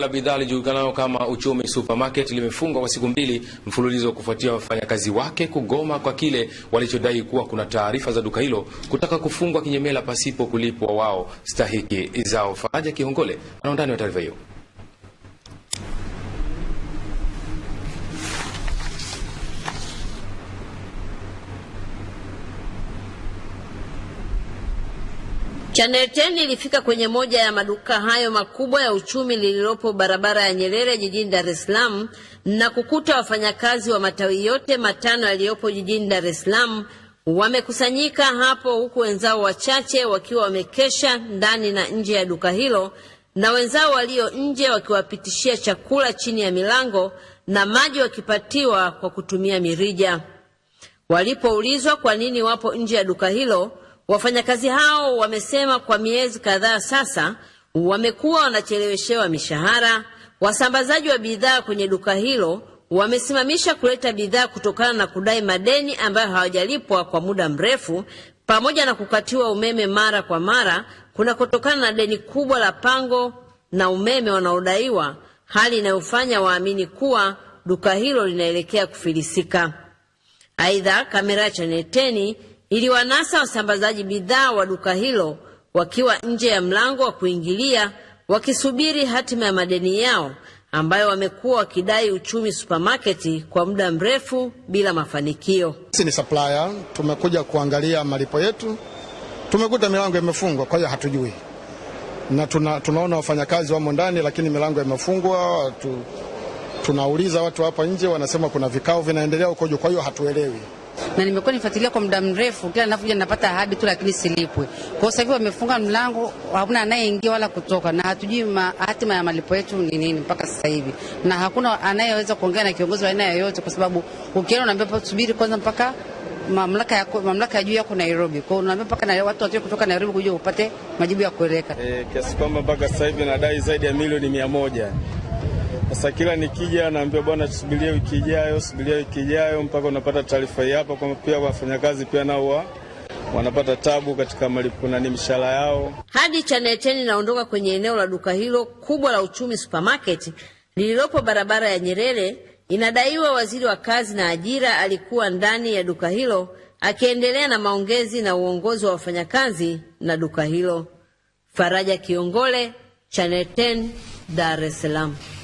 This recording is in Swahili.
la bidhaa lijulikanao kama Uchumi Supermarket limefungwa kwa siku mbili mfululizo kufuatia wafanyakazi wake kugoma kwa kile walichodai kuwa kuna taarifa za duka hilo kutaka kufungwa kinyemela pasipo kulipwa wao stahiki zao. Faraja Kihongole ana undani wa taarifa hiyo. Channel 10 ilifika kwenye moja ya maduka hayo makubwa ya uchumi lililopo barabara ya Nyerere jijini Dar es Salaam na kukuta wafanyakazi wa matawi yote matano yaliyopo jijini Dar es Salaam wamekusanyika hapo, huku wenzao wachache wakiwa wamekesha ndani na nje ya duka hilo na wenzao walio nje wakiwapitishia chakula chini ya milango na maji wakipatiwa kwa kutumia mirija. Walipoulizwa kwa nini wapo nje ya duka hilo Wafanyakazi hao wamesema kwa miezi kadhaa sasa wamekuwa wanacheleweshewa mishahara. Wasambazaji wa bidhaa kwenye duka hilo wamesimamisha kuleta bidhaa kutokana na kudai madeni ambayo hawajalipwa kwa muda mrefu, pamoja na kukatiwa umeme mara kwa mara kunakotokana na deni kubwa la pango na umeme wanaodaiwa, hali inayofanya waamini kuwa duka hilo linaelekea kufilisika. Aidha, kamera ya Chaneteni iliwanasa wasambazaji bidhaa wa duka hilo wakiwa nje ya mlango wa kuingilia wakisubiri hatima ya madeni yao ambayo wamekuwa wakidai Uchumi Supermarket kwa muda mrefu bila mafanikio. Sisi ni supplier, tumekuja kuangalia malipo yetu, tumekuta milango imefungwa, kwa hiyo hatujui na tuna, tunaona wafanyakazi wamo ndani, lakini milango imefungwa tu, tunauliza watu hapa nje wanasema kuna vikao vinaendelea huko juu, kwa hiyo hatuelewi na nimekuwa nifuatilia kwa muda mrefu, kila ninapokuja ninapata ahadi tu, lakini silipwe. Kwa hiyo sasa hivi wamefunga mlango, hakuna anayeingia wala kutoka, na hatujui hatima ya malipo yetu ni nini mpaka sasa hivi, na hakuna anayeweza kuongea na kiongozi wa aina yoyote, kwa sababu ukienda unaambiwa subiri kwanza mpaka mamlaka ya mamlaka ya juu yako Nairobi. Kwa hiyo unaambia mpaka na watu watoke kutoka Nairobi kuja upate majibu ya kueleka. Eh, kiasi kwamba mpaka sasa hivi nadai zaidi ya milioni mia moja. Sasa kila nikija naambia bwana, subiria wiki ijayo, subiria wiki ijayo, mpaka unapata taarifa hii hapa kwamba pia wafanyakazi pia nao wanapata tabu katika malipo na mishahara yao. Hadi Channel inaondoka kwenye eneo la duka hilo kubwa la Uchumi Supermarket lililopo barabara ya Nyerere. Inadaiwa waziri wa kazi na ajira alikuwa ndani ya duka hilo akiendelea na maongezi na uongozi wa wafanyakazi na duka hilo. Faraja Kiongole, Channel 10, Dar es Salaam.